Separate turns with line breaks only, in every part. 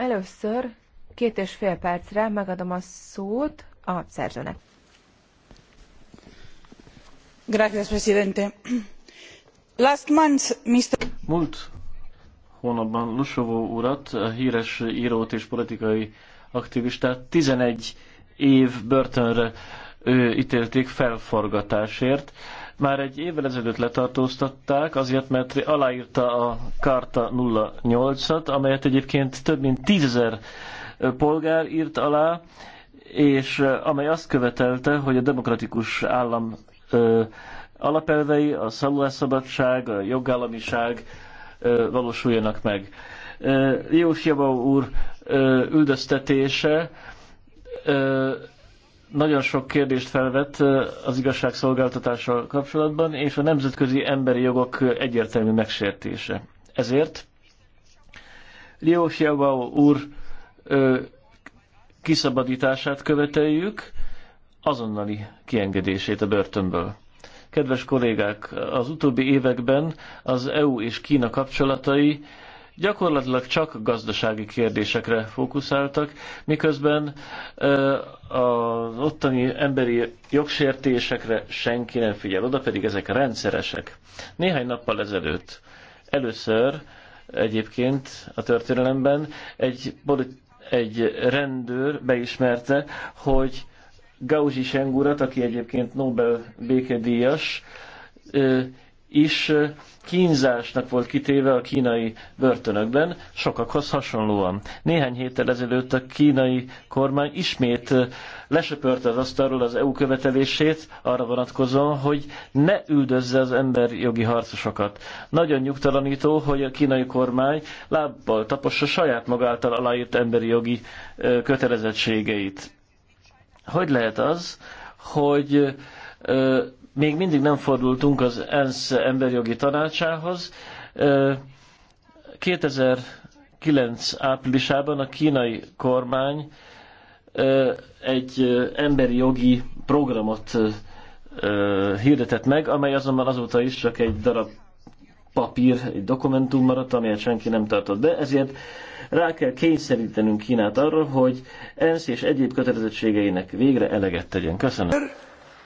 Először két és fél percre megadom a szót a szerzőnek. Gracias, presidente.
Last month, Mr. Múlt hónapban Lusovó urat, a híres írót és politikai aktivistát 11 év börtönre ítélték felforgatásért. Már egy évvel ezelőtt letartóztatták, azért, mert aláírta a Karta 08-at, amelyet egyébként több mint tízezer polgár írt alá, és amely azt követelte, hogy a demokratikus állam ö, alapelvei, a szabadság, a jogállamiság ö, valósuljanak meg. Jós Jabó úr ö, üldöztetése ö, nagyon sok kérdést felvet az igazságszolgáltatással kapcsolatban, és a nemzetközi emberi jogok egyértelmű megsértése. Ezért Liu Xiaobao úr ö, kiszabadítását követeljük, azonnali kiengedését a börtönből. Kedves kollégák, az utóbbi években az EU és Kína kapcsolatai gyakorlatilag csak gazdasági kérdésekre fókuszáltak, miközben az ottani emberi jogsértésekre senki nem figyel oda, pedig ezek rendszeresek. Néhány nappal ezelőtt először egyébként a történelemben egy, egy rendőr beismerte, hogy Gauzsi Sengurat, aki egyébként Nobel békedíjas, is kínzásnak volt kitéve a kínai börtönökben, sokakhoz hasonlóan. Néhány héttel ezelőtt a kínai kormány ismét lesöpörte az asztalról az EU követelését arra vonatkozóan, hogy ne üldözze az jogi harcosokat. Nagyon nyugtalanító, hogy a kínai kormány lábbal tapossa saját magáltal aláírt emberi jogi kötelezettségeit. Hogy lehet az, hogy még mindig nem fordultunk az ENSZ emberjogi tanácsához. 2009 áprilisában a kínai kormány egy emberi jogi programot hirdetett meg, amely azonban azóta is csak egy darab papír, egy dokumentum maradt, amelyet senki nem tartott be, ezért rá kell kényszerítenünk Kínát arra, hogy ENSZ és egyéb kötelezettségeinek végre eleget tegyen. Köszönöm.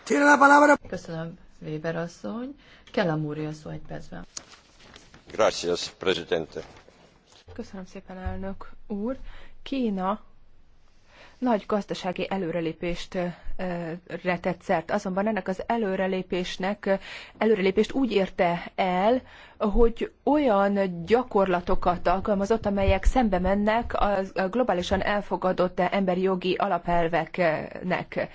Tiene
la palabra. Köszönöm, Weber asszony. kell a a szó egy percben.
Gracias, presidente.
Köszönöm szépen, elnök úr. Kína nagy gazdasági előrelépést retett szert. Azonban ennek az előrelépésnek előrelépést úgy érte el, hogy olyan gyakorlatokat alkalmazott, amelyek szembe mennek a globálisan elfogadott emberi jogi alapelveknek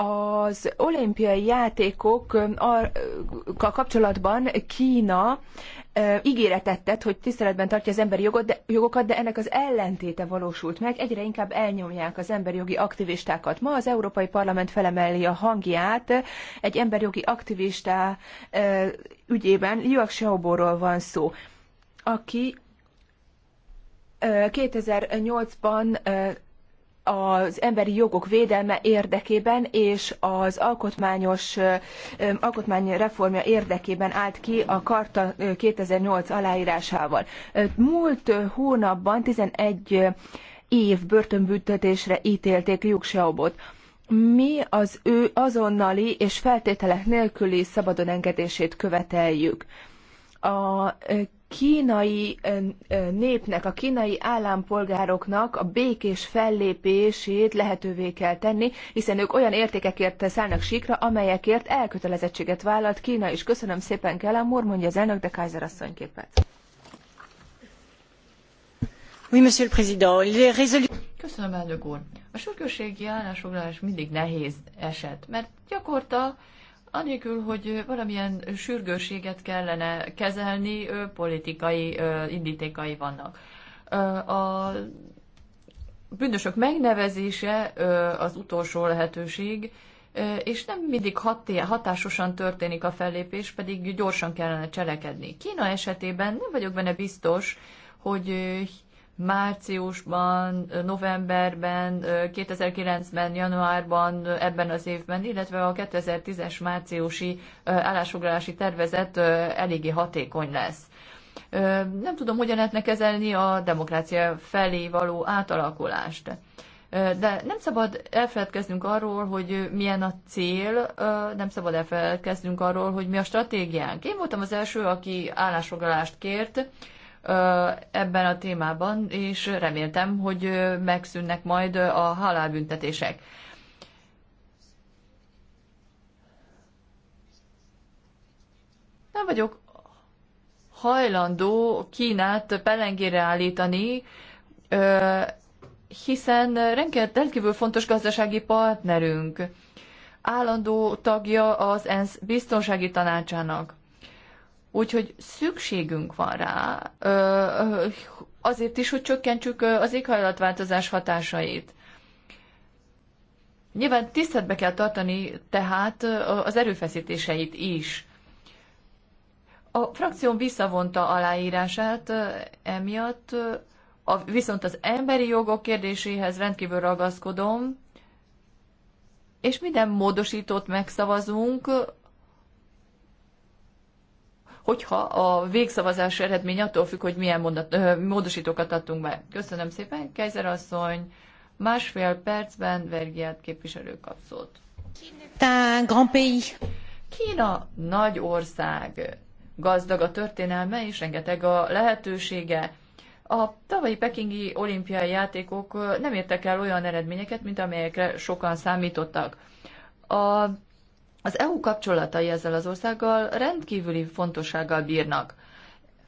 az olimpiai játékokkal kapcsolatban Kína ígéretet tett, hogy tiszteletben tartja az emberi jogot, de, jogokat, de ennek az ellentéte valósult meg. Egyre inkább elnyomják az emberi jogi aktivistákat. Ma az Európai Parlament felemeli a hangját egy emberi jogi aktivistá ügyében. Liuak Xiaoborról van szó, aki 2008-ban az emberi jogok védelme érdekében és az alkotmányos alkotmány reformja érdekében állt ki a Karta 2008 aláírásával. Múlt hónapban 11 év börtönbüntetésre ítélték Liu Xiaobot. Mi az ő azonnali és feltételek nélküli szabadon engedését követeljük. A kínai népnek, a kínai állampolgároknak a békés fellépését lehetővé kell tenni, hiszen ők olyan értékekért szállnak síkra, amelyekért elkötelezettséget vállalt Kína is. Köszönöm szépen, Kellen úr, mondja az elnök, de Kaiser asszony képet.
Oui, monsieur le président. Les résolu- Köszönöm, elnök úr. A sürgősségi állásfoglalás mindig nehéz eset, mert gyakorta anélkül, hogy valamilyen sürgőséget kellene kezelni, politikai indítékai vannak. A bűnösök megnevezése az utolsó lehetőség, és nem mindig hatásosan történik a fellépés, pedig gyorsan kellene cselekedni. Kína esetében nem vagyok benne biztos, hogy márciusban, novemberben, 2009-ben, januárban, ebben az évben, illetve a 2010-es márciusi állásfoglalási tervezet eléggé hatékony lesz. Nem tudom, hogyan lehetne kezelni a demokrácia felé való átalakulást. De nem szabad elfeledkeznünk arról, hogy milyen a cél, nem szabad elfeledkeznünk arról, hogy mi a stratégiánk. Én voltam az első, aki állásfoglalást kért, ebben a témában, és reméltem, hogy megszűnnek majd a halálbüntetések. Nem vagyok hajlandó Kínát pelengére állítani, hiszen rendkívül fontos gazdasági partnerünk, állandó tagja az ENSZ biztonsági tanácsának. Úgyhogy szükségünk van rá, azért is, hogy csökkentsük az éghajlatváltozás hatásait. Nyilván tiszteletbe kell tartani tehát az erőfeszítéseit is. A frakción visszavonta aláírását emiatt, a, viszont az emberi jogok kérdéséhez rendkívül ragaszkodom, és minden módosítót megszavazunk, hogyha a végszavazás eredmény attól függ, hogy milyen mondat, ö, módosítókat adtunk be. Köszönöm szépen, Kejzer asszony. Másfél percben Vergiát képviselő kap szót. Kína nagy ország, gazdag a történelme és rengeteg a lehetősége. A tavalyi pekingi olimpiai játékok nem értek el olyan eredményeket, mint amelyekre sokan számítottak. A az EU kapcsolatai ezzel az országgal rendkívüli fontossággal bírnak.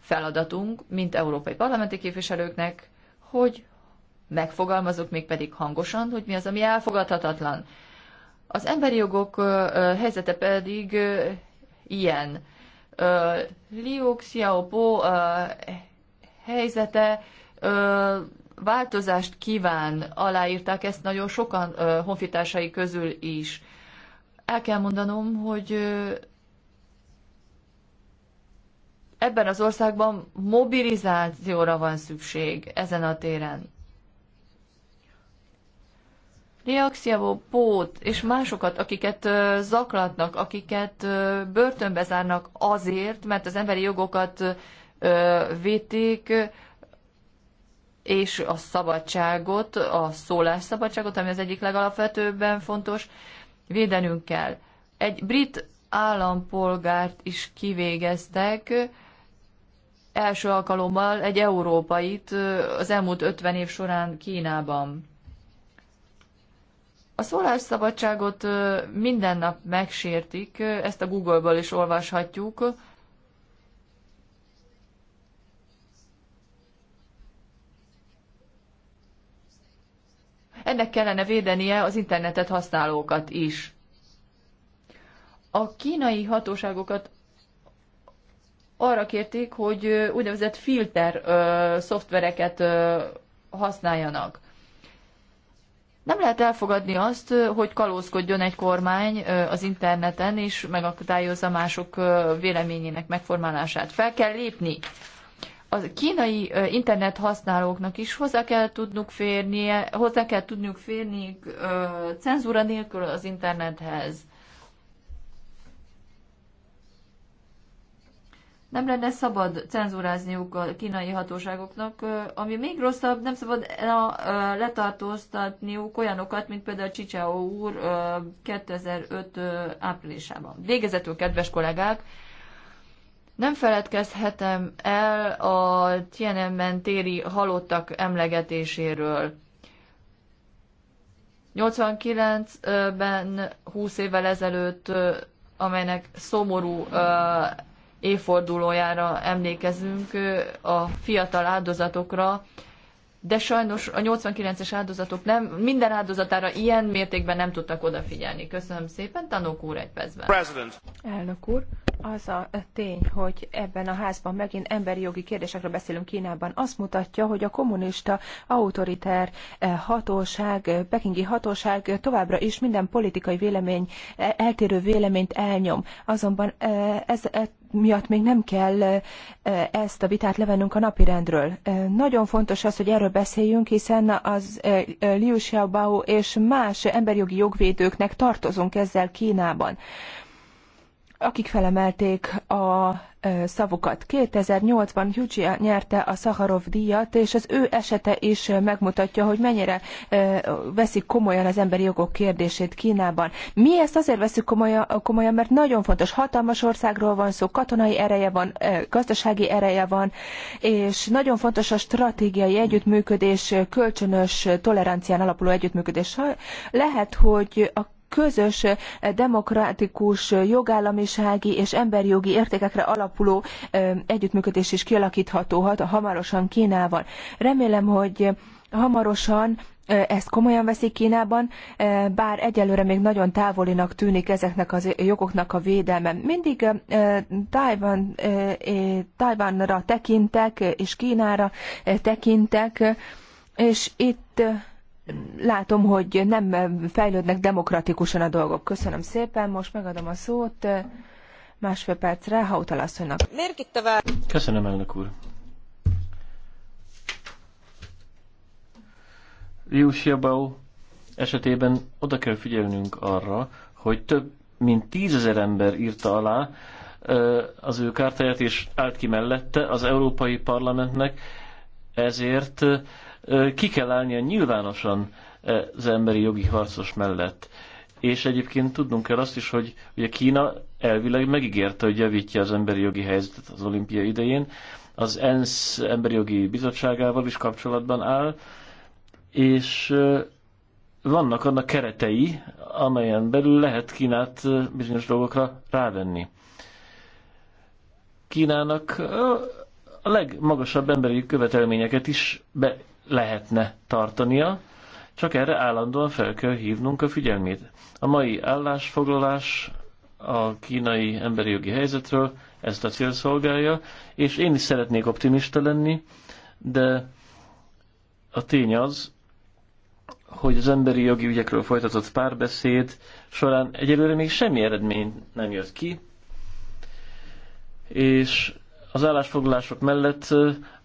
Feladatunk, mint európai parlamenti képviselőknek, hogy megfogalmazok még pedig hangosan, hogy mi az, ami elfogadhatatlan. Az emberi jogok helyzete pedig ilyen. Liu Xiaobo helyzete változást kíván, aláírták ezt nagyon sokan honfitársai közül is el kell mondanom, hogy ebben az országban mobilizációra van szükség ezen a téren. Riaxiavó, Pót és másokat, akiket zaklatnak, akiket börtönbe zárnak azért, mert az emberi jogokat vétik, és a szabadságot, a szólásszabadságot, ami az egyik legalapvetőbben fontos, védenünk kell. Egy brit állampolgárt is kivégeztek, első alkalommal egy európait az elmúlt 50 év során Kínában. A szólásszabadságot minden nap megsértik, ezt a Google-ből is olvashatjuk, ennek kellene védenie az internetet használókat is. A kínai hatóságokat arra kérték, hogy úgynevezett filter ö, szoftvereket ö, használjanak. Nem lehet elfogadni azt, hogy kalózkodjon egy kormány az interneten, és megakadályozza mások véleményének megformálását. Fel kell lépni a kínai internet használóknak is hozzá kell tudnunk férnie, hozzá kell tudnunk férni cenzúra nélkül az internethez. Nem lenne szabad cenzúrázniuk a kínai hatóságoknak, ami még rosszabb, nem szabad letartóztatniuk olyanokat, mint például Csicsáó úr 2005 áprilisában. Végezetül, kedves kollégák, nem feledkezhetem el a Tiananmen téri halottak emlegetéséről. 89-ben, 20 évvel ezelőtt, amelynek szomorú évfordulójára emlékezünk a fiatal áldozatokra, de sajnos a 89-es áldozatok nem, minden áldozatára ilyen mértékben nem tudtak odafigyelni. Köszönöm szépen, tanúk úr egy percben. President.
Elnök úr, az a tény, hogy ebben a házban megint emberi jogi kérdésekről beszélünk Kínában, azt mutatja, hogy a kommunista, autoriter eh, hatóság, eh, pekingi hatóság továbbra is minden politikai vélemény, eh, eltérő véleményt elnyom. Azonban ez miatt még nem kell ezt a vitát levennünk a napirendről. Nagyon fontos az, hogy erről beszéljünk, hiszen az Liu Xiaobao és más emberjogi jogvédőknek tartozunk ezzel Kínában akik felemelték a szavukat. 2008-ban Gyucsia nyerte a Szaharov díjat, és az ő esete is megmutatja, hogy mennyire veszik komolyan az emberi jogok kérdését Kínában. Mi ezt azért veszük komolyan, komolyan, mert nagyon fontos, hatalmas országról van szó, katonai ereje van, gazdasági ereje van, és nagyon fontos a stratégiai együttműködés, kölcsönös tolerancián alapuló együttműködés. Lehet, hogy a közös eh, demokratikus eh, jogállamisági és emberjogi értékekre alapuló eh, együttműködés is kialakítható a hamarosan Kínával. Remélem, hogy hamarosan ezt komolyan veszik Kínában, bár egyelőre még nagyon távolinak tűnik ezeknek a jogoknak a védelme. Mindig Tajvanra tekintek, és Kínára tekintek, és itt látom, hogy nem fejlődnek demokratikusan a dolgok. Köszönöm szépen, most megadom a szót eh, másfél percre Hautalasszonynak.
Köszönöm, elnök úr. Liu Xiaobao esetében oda kell figyelnünk arra, hogy több mint tízezer ember írta alá eh, az ő kártáját, és állt ki mellette az Európai Parlamentnek, ezért eh, ki kell a nyilvánosan az emberi jogi harcos mellett. És egyébként tudnunk kell azt is, hogy ugye Kína elvileg megígérte, hogy javítja az emberi jogi helyzetet az olimpia idején, az ENSZ emberi jogi bizottságával is kapcsolatban áll, és vannak annak keretei, amelyen belül lehet Kínát bizonyos dolgokra rávenni. Kínának a legmagasabb emberi követelményeket is be lehetne tartania, csak erre állandóan fel kell hívnunk a figyelmét. A mai állásfoglalás a kínai emberi jogi helyzetről ezt a cél szolgálja, és én is szeretnék optimista lenni, de a tény az, hogy az emberi jogi ügyekről folytatott párbeszéd során egyelőre még semmi eredmény nem jött ki, és az állásfoglalások mellett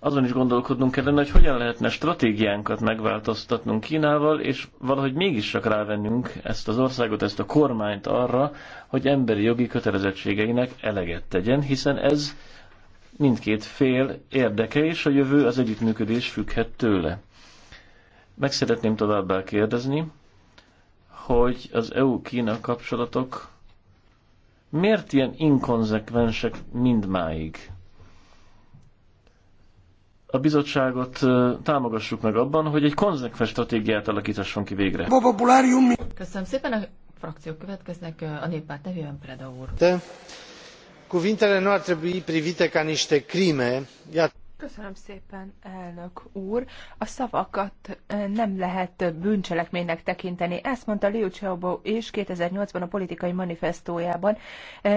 azon is gondolkodnunk kellene, hogy hogyan lehetne stratégiánkat megváltoztatnunk Kínával, és valahogy mégis csak rávennünk ezt az országot, ezt a kormányt arra, hogy emberi jogi kötelezettségeinek eleget tegyen, hiszen ez mindkét fél érdeke, és a jövő az együttműködés függhet tőle. Meg szeretném továbbá kérdezni, hogy az EU-Kína kapcsolatok miért ilyen inkonzekvensek mindmáig? a bizottságot támogassuk meg abban, hogy egy konzekvens stratégiát alakítasson ki végre.
Köszönöm szépen, a frakciók következnek
a néppárt nevében Preda úr.
De cuvintele nu ar
trebui privite ca niște
crime. Iată.
Köszönöm szépen, elnök úr. A szavakat nem lehet bűncselekménynek tekinteni. Ezt mondta Liu Xiaobo is 2008-ban a politikai manifestójában,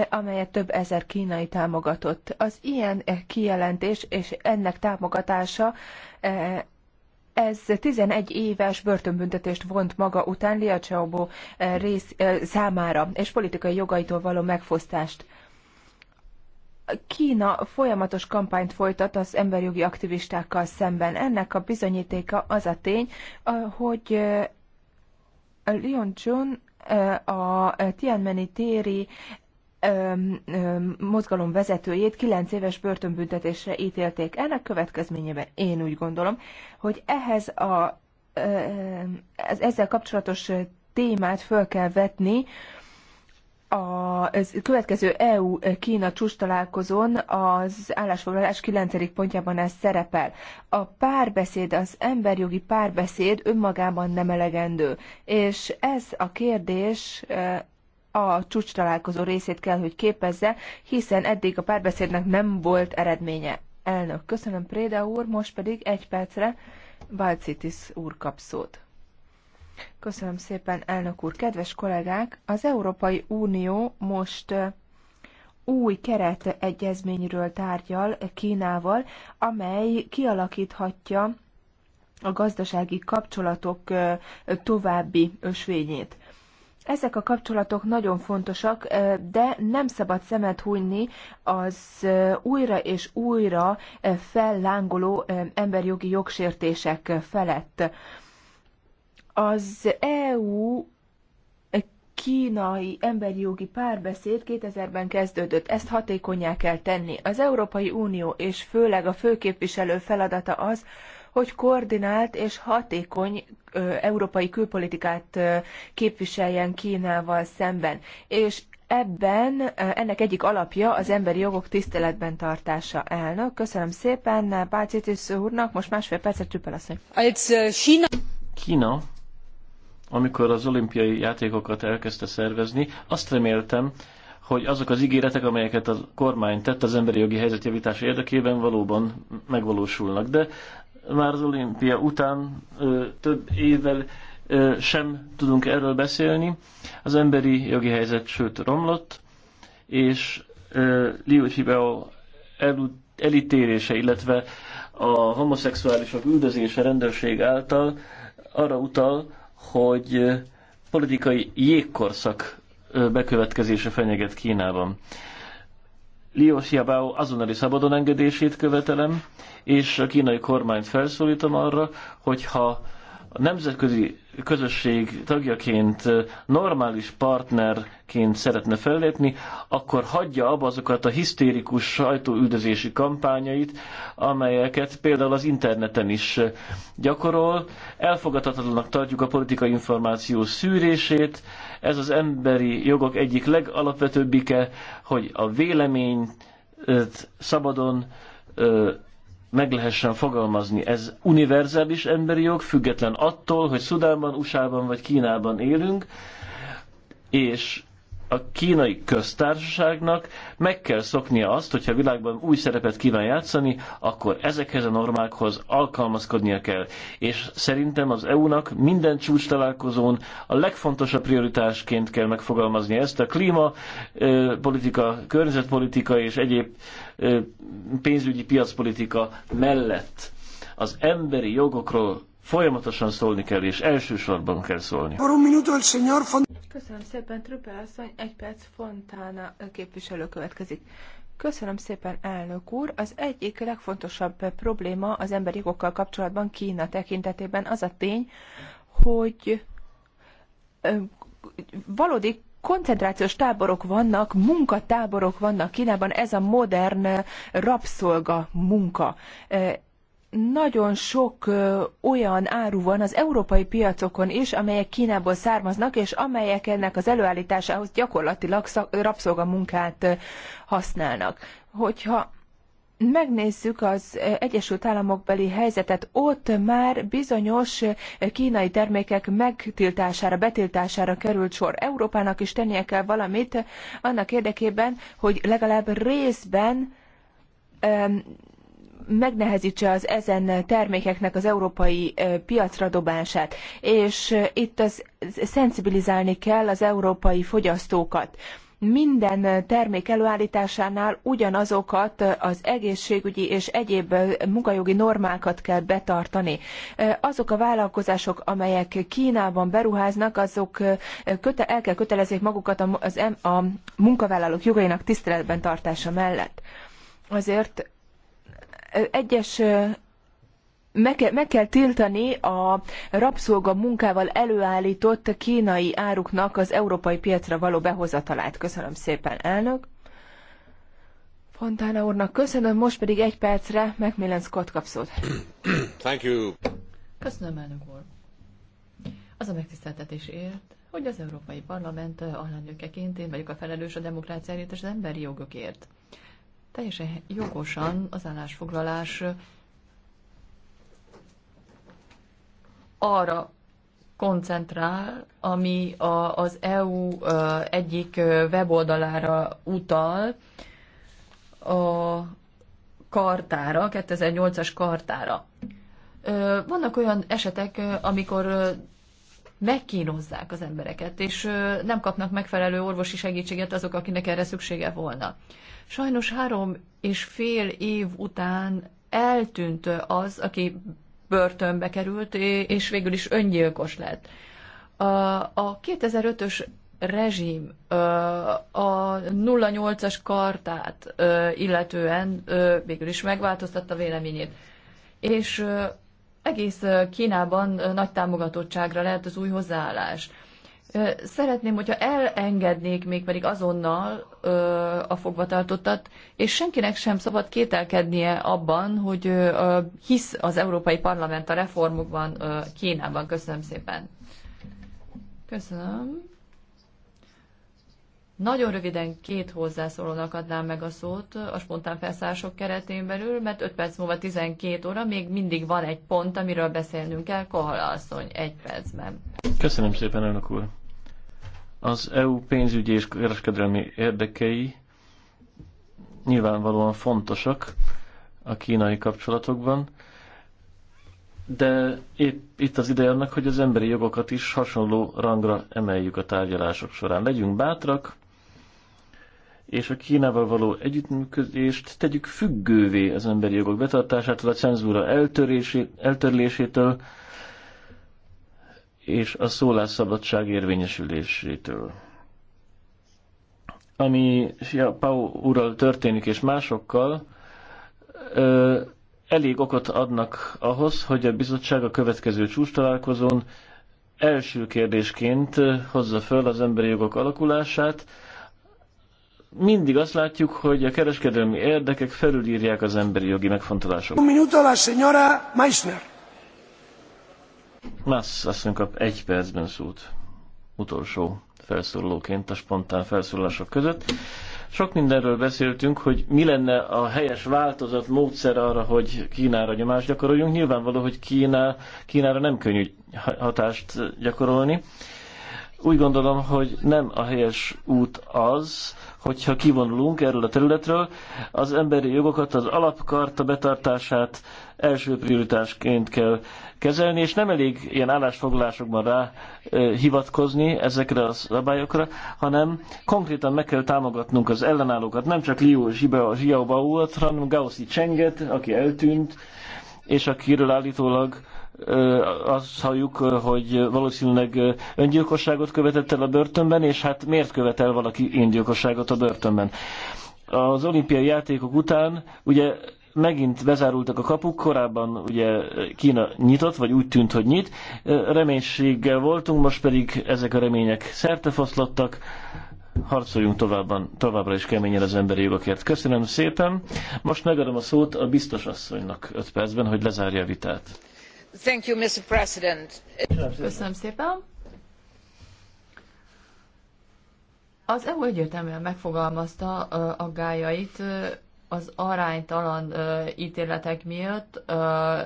amelyet több ezer kínai támogatott. Az ilyen kijelentés és ennek támogatása ez 11 éves börtönbüntetést vont maga után Liu Xiaobo rész számára, és politikai jogaitól való megfosztást Kína folyamatos kampányt folytat az emberjogi aktivistákkal szemben. Ennek a bizonyítéka az a tény, eh, hogy eh, Leon Chun eh, a Tianmeni téri mozgalom vezetőjét 9 éves börtönbüntetésre ítélték. Ennek következményében én úgy gondolom, hogy ehhez a ezzel kapcsolatos témát föl kell vetni a következő EU-Kína csúcs találkozón az állásfoglalás 9. pontjában ez szerepel. A párbeszéd, az emberjogi párbeszéd önmagában nem elegendő, és ez a kérdés eh, a csúcs találkozó részét kell, hogy képezze, hiszen eddig a párbeszédnek nem volt eredménye. Elnök, köszönöm Préda úr, most pedig egy percre Balcitis úr kap szót. Köszönöm szépen, elnök úr. Kedves kollégák, az Európai Unió most új keretegyezményről tárgyal Kínával, amely kialakíthatja a gazdasági kapcsolatok további ösvényét. Ezek a kapcsolatok nagyon fontosak, de nem szabad szemet hunyni az újra és újra fellángoló emberjogi jogsértések felett. Az EU kínai emberi jogi párbeszéd 2000-ben kezdődött, ezt hatékonyá kell tenni. Az Európai Unió és főleg a főképviselő feladata az, hogy koordinált és hatékony ö, európai külpolitikát ö, képviseljen Kínával szemben. És ebben ennek egyik alapja az emberi jogok tiszteletben tartása elnök. Köszönöm szépen Pácitis úrnak, most másfél percet Csüppel asszony.
Kína amikor az olimpiai játékokat elkezdte szervezni, azt reméltem, hogy azok az ígéretek, amelyeket a kormány tett az emberi jogi helyzet javítása érdekében valóban megvalósulnak. De már az olimpia után ö, több évvel ö, sem tudunk erről beszélni. Az emberi jogi helyzet sőt romlott, és ö, Liu Chibeo el, elítélése, illetve a homoszexuálisok üldözése rendőrség által arra utal, hogy politikai jégkorszak bekövetkezése fenyeget Kínában. Liu Xiaobao azonnali szabadon engedését követelem, és a kínai kormányt felszólítom arra, hogyha ha a nemzetközi közösség tagjaként, normális partnerként szeretne fellépni, akkor hagyja abba azokat a hisztérikus sajtóüldözési kampányait, amelyeket például az interneten is gyakorol. Elfogadhatatlanak tartjuk a politikai információ szűrését. Ez az emberi jogok egyik legalapvetőbbike, hogy a véleményt szabadon meg lehessen fogalmazni. Ez univerzális emberi jog, független attól, hogy Szudánban, USA-ban vagy Kínában élünk, és a kínai köztársaságnak meg kell szoknia azt, hogyha a világban új szerepet kíván játszani, akkor ezekhez a normákhoz alkalmazkodnia kell. És szerintem az EU-nak minden csúcs találkozón a legfontosabb prioritásként kell megfogalmazni ezt. A klíma, politika, környezetpolitika és egyéb pénzügyi piacpolitika mellett az emberi jogokról Folyamatosan szólni kell, és elsősorban kell szólni.
Köszönöm szépen, Trüppel asszony, egy perc Fontána képviselő következik. Köszönöm szépen, elnök úr. Az egyik legfontosabb probléma az emberi jogokkal kapcsolatban Kína tekintetében az a tény, hogy valódi koncentrációs táborok vannak, munkatáborok vannak Kínában, ez a modern rabszolga munka nagyon sok olyan áru van az európai piacokon is, amelyek Kínából származnak, és amelyek ennek az előállításához gyakorlatilag rabszolgamunkát használnak. Hogyha megnézzük az Egyesült Államok beli helyzetet, ott már bizonyos kínai termékek megtiltására, betiltására került sor. Európának is tennie kell valamit annak érdekében, hogy legalább részben megnehezítse az ezen termékeknek az európai piacra dobását. És itt az szensibilizálni kell az európai fogyasztókat minden termék előállításánál ugyanazokat az egészségügyi és egyéb munkajogi normákat kell betartani. Azok a vállalkozások, amelyek Kínában beruháznak, azok el kell kötelezzék magukat a munkavállalók jogainak tiszteletben tartása mellett. Azért egyes meg kell, tiltani a rabszolga munkával előállított kínai áruknak az európai piacra való behozatalát. Köszönöm szépen, elnök. Fontána úrnak köszönöm, most pedig egy percre Macmillan Scott kap szót. Thank you. Köszönöm, elnök
úr. Az a megtiszteltetés ért, hogy az Európai Parlament alelnökeként én vagyok a felelős a demokráciáért és az emberi jogokért teljesen jogosan az állásfoglalás arra koncentrál, ami a, az EU egyik weboldalára utal, a kartára, 2008-as kartára. Vannak olyan esetek, amikor megkínozzák az embereket, és nem kapnak megfelelő orvosi segítséget azok, akinek erre szüksége volna. Sajnos három és fél év után eltűnt az, aki börtönbe került, és végül is öngyilkos lett. A 2005-ös rezsim a 08-as kartát illetően végül is megváltoztatta véleményét. És egész Kínában nagy támogatottságra lehet az új hozzáállás. Szeretném, hogyha elengednék még pedig azonnal ö, a fogvatartottat, és senkinek sem szabad kételkednie abban, hogy ö, hisz az Európai Parlament a reformokban ö, Kínában. Köszönöm szépen. Köszönöm. Nagyon röviden két hozzászólónak adnám meg a szót a spontán felszállások keretén belül, mert 5 perc múlva 12 óra még mindig van egy pont, amiről beszélnünk kell. Kohala asszony, egy percben.
Köszönöm szépen, elnök úr. Az EU pénzügyi és kereskedelmi érdekei nyilvánvalóan fontosak a kínai kapcsolatokban, de épp itt az ideje annak, hogy az emberi jogokat is hasonló rangra emeljük a tárgyalások során. Legyünk bátrak, és a Kínával való együttműködést tegyük függővé az emberi jogok betartásától, a cenzúra eltörését, eltörlésétől és a szólásszabadság érvényesülésétől. Ami ja, Pau ural történik és másokkal, ö, elég okot adnak ahhoz, hogy a bizottság a következő csúcs találkozón első kérdésként hozza föl az emberi jogok alakulását, mindig azt látjuk, hogy a kereskedelmi érdekek felülírják az emberi jogi megfontolásokat. Un minuto la señora Meissner. Massz asszony kap egy percben szót utolsó felszólalóként a spontán felszólalások között. Sok mindenről beszéltünk, hogy mi lenne a helyes változat, módszer arra, hogy Kínára nyomást gyakoroljunk. Nyilvánvaló, hogy Kína, Kínára nem könnyű hatást gyakorolni úgy gondolom, hogy nem a helyes út az, hogyha kivonulunk erről a területről, az emberi jogokat, az alapkarta betartását első prioritásként kell kezelni, és nem elég ilyen állásfoglalásokban rá hivatkozni ezekre a szabályokra, hanem konkrétan meg kell támogatnunk az ellenállókat, nem csak Liu Zsiaobaót, hanem Gaussi Csenget, aki eltűnt, és akiről állítólag azt halljuk, hogy valószínűleg öngyilkosságot követett el a börtönben, és hát miért követel valaki öngyilkosságot a börtönben? Az olimpiai játékok után ugye megint bezárultak a kapuk, korábban ugye Kína nyitott, vagy úgy tűnt, hogy nyit, reménységgel voltunk, most pedig ezek a remények szertefoszlottak, harcoljunk továbban, továbbra is keményen az emberi jogokért. Köszönöm szépen, most megadom a szót a biztos asszonynak 5 percben, hogy lezárja a vitát.
Köszönöm szépen. Az EU egyértelműen megfogalmazta a gájait az aránytalan téletek miatt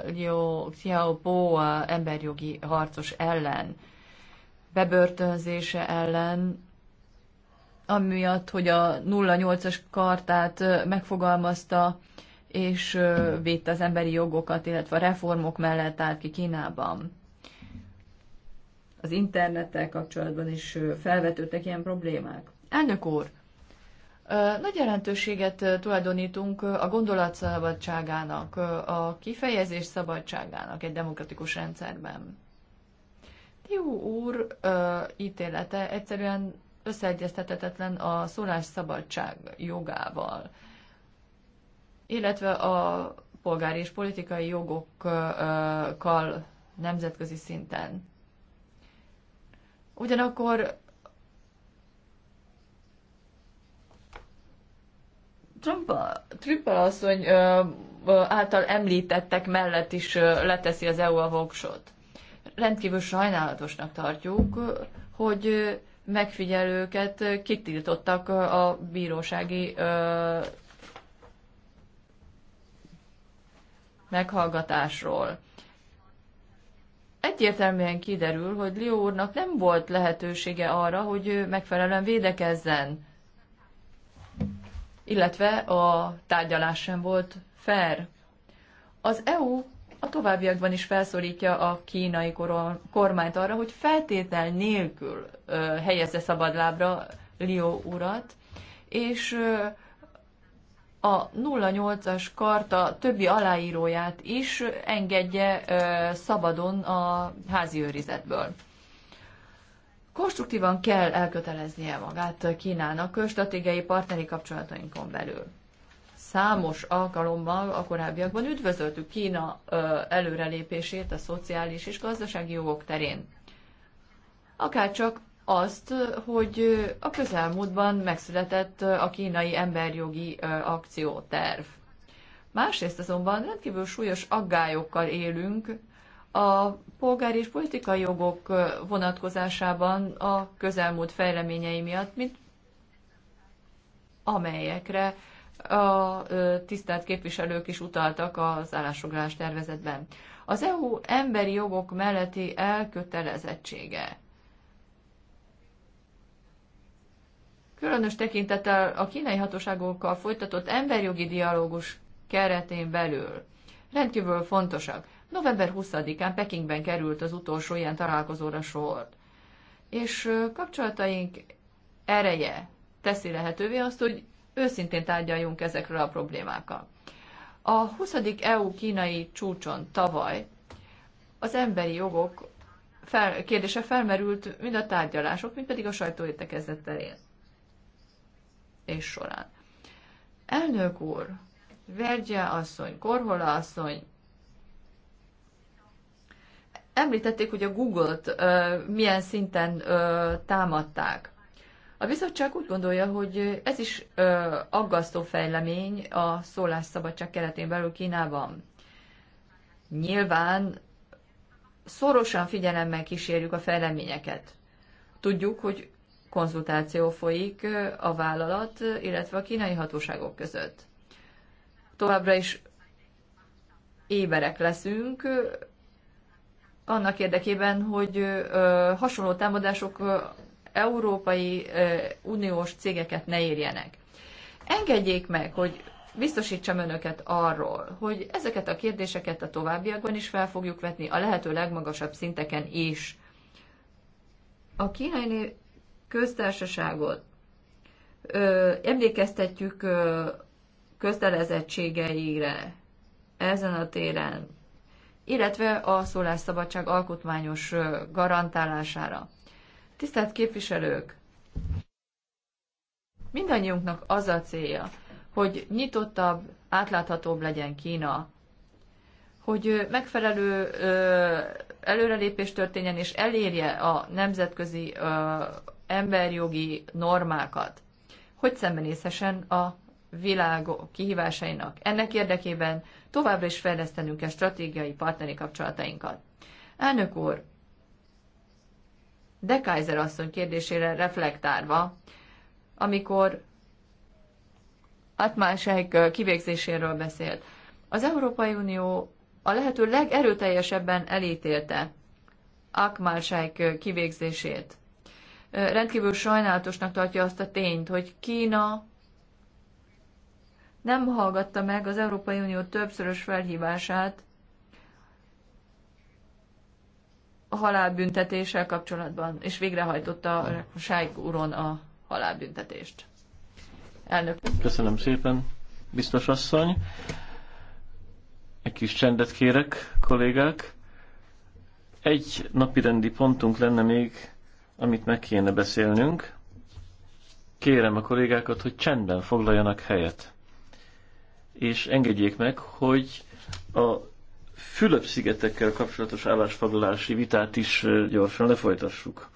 Liu Xiaobo emberjogi harcos ellen, bebörtönzése ellen, amiatt, hogy a 08-as kartát megfogalmazta, és védte az emberi jogokat, illetve a reformok mellett állt ki Kínában. Az internettel kapcsolatban is felvetődtek ilyen problémák. Elnök úr, nagy jelentőséget tulajdonítunk a gondolatszabadságának, a kifejezés szabadságának egy demokratikus rendszerben. Tiu úr ítélete egyszerűen összeegyeztethetetlen a szólásszabadság jogával illetve a polgári és politikai jogokkal nemzetközi szinten. Ugyanakkor Trump, Trump asszony által említettek mellett is leteszi az EU a voksot. Rendkívül sajnálatosnak tartjuk, hogy megfigyelőket kitiltottak a bírósági meghallgatásról. Egyértelműen kiderül, hogy Lió úrnak nem volt lehetősége arra, hogy megfelelően védekezzen, illetve a tárgyalás sem volt fair. Az EU a továbbiakban is felszólítja a kínai kormányt arra, hogy feltétel nélkül helyezze szabadlábra Lió urat, és a 08-as karta többi aláíróját is engedje szabadon a házi őrizetből. Konstruktívan kell elköteleznie magát Kínának stratégiai partneri kapcsolatainkon belül. Számos alkalommal a korábbiakban üdvözöltük Kína előrelépését a szociális és gazdasági jogok terén. Akár csak azt, hogy a közelmúltban megszületett a kínai emberjogi akcióterv. Másrészt azonban rendkívül súlyos aggályokkal élünk a polgári és politikai jogok vonatkozásában a közelmúlt fejleményei miatt, mint amelyekre a tisztelt képviselők is utaltak az állásfoglalás tervezetben. Az EU emberi jogok melletti elkötelezettsége különös tekintettel a kínai hatóságokkal folytatott emberjogi dialógus keretén belül rendkívül fontosak. November 20-án Pekingben került az utolsó ilyen találkozóra sor. És kapcsolataink ereje teszi lehetővé azt, hogy őszintén tárgyaljunk ezekről a problémákkal. A 20. EU-kínai csúcson tavaly az emberi jogok fel, kérdése felmerült mind a tárgyalások, mind pedig a sajtóértekezlet terén és során. Elnök úr, Vergye asszony, Korhola asszony, említették, hogy a Google-t milyen szinten ö, támadták. A bizottság úgy gondolja, hogy ez is ö, aggasztó fejlemény a szólásszabadság keretén belül Kínában. Nyilván szorosan figyelemmel kísérjük a fejleményeket. Tudjuk, hogy konzultáció folyik a vállalat, illetve a kínai hatóságok között. Továbbra is éberek leszünk, annak érdekében, hogy hasonló támadások európai uniós cégeket ne érjenek. Engedjék meg, hogy biztosítsam önöket arról, hogy ezeket a kérdéseket a továbbiakban is fel fogjuk vetni, a lehető legmagasabb szinteken is. A kínai köztársaságot ö, emlékeztetjük ö, kötelezettségeire ezen a téren, illetve a szólásszabadság alkotmányos ö, garantálására. Tisztelt képviselők! Mindannyiunknak az a célja, hogy nyitottabb, átláthatóbb legyen Kína, hogy megfelelő ö, előrelépés történjen, és elérje a nemzetközi ö, emberjogi normákat, hogy szembenézhessen a világ kihívásainak. Ennek érdekében továbbra is fejlesztenünk kell stratégiai partneri kapcsolatainkat. Elnök úr, de Kaiser asszony kérdésére reflektálva, amikor Atmásek kivégzéséről beszélt. Az Európai Unió a lehető legerőteljesebben elítélte Akmálsájk kivégzését rendkívül sajnálatosnak tartja azt a tényt, hogy Kína nem hallgatta meg az Európai Unió többszörös felhívását a halálbüntetéssel kapcsolatban, és végrehajtotta Sájk úron a halálbüntetést. Elnök.
Köszönöm szépen, biztos asszony. Egy kis csendet kérek, kollégák. Egy napirendi pontunk lenne még amit meg kéne beszélnünk. Kérem a kollégákat, hogy csendben foglaljanak helyet. És engedjék meg, hogy a Fülöp-szigetekkel kapcsolatos állásfoglalási vitát is gyorsan lefolytassuk.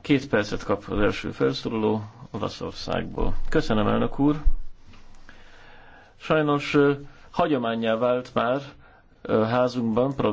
Két percet kap az első felszóló Olaszországból. Köszönöm, elnök úr! Sajnos hagyományá vált már házunkban,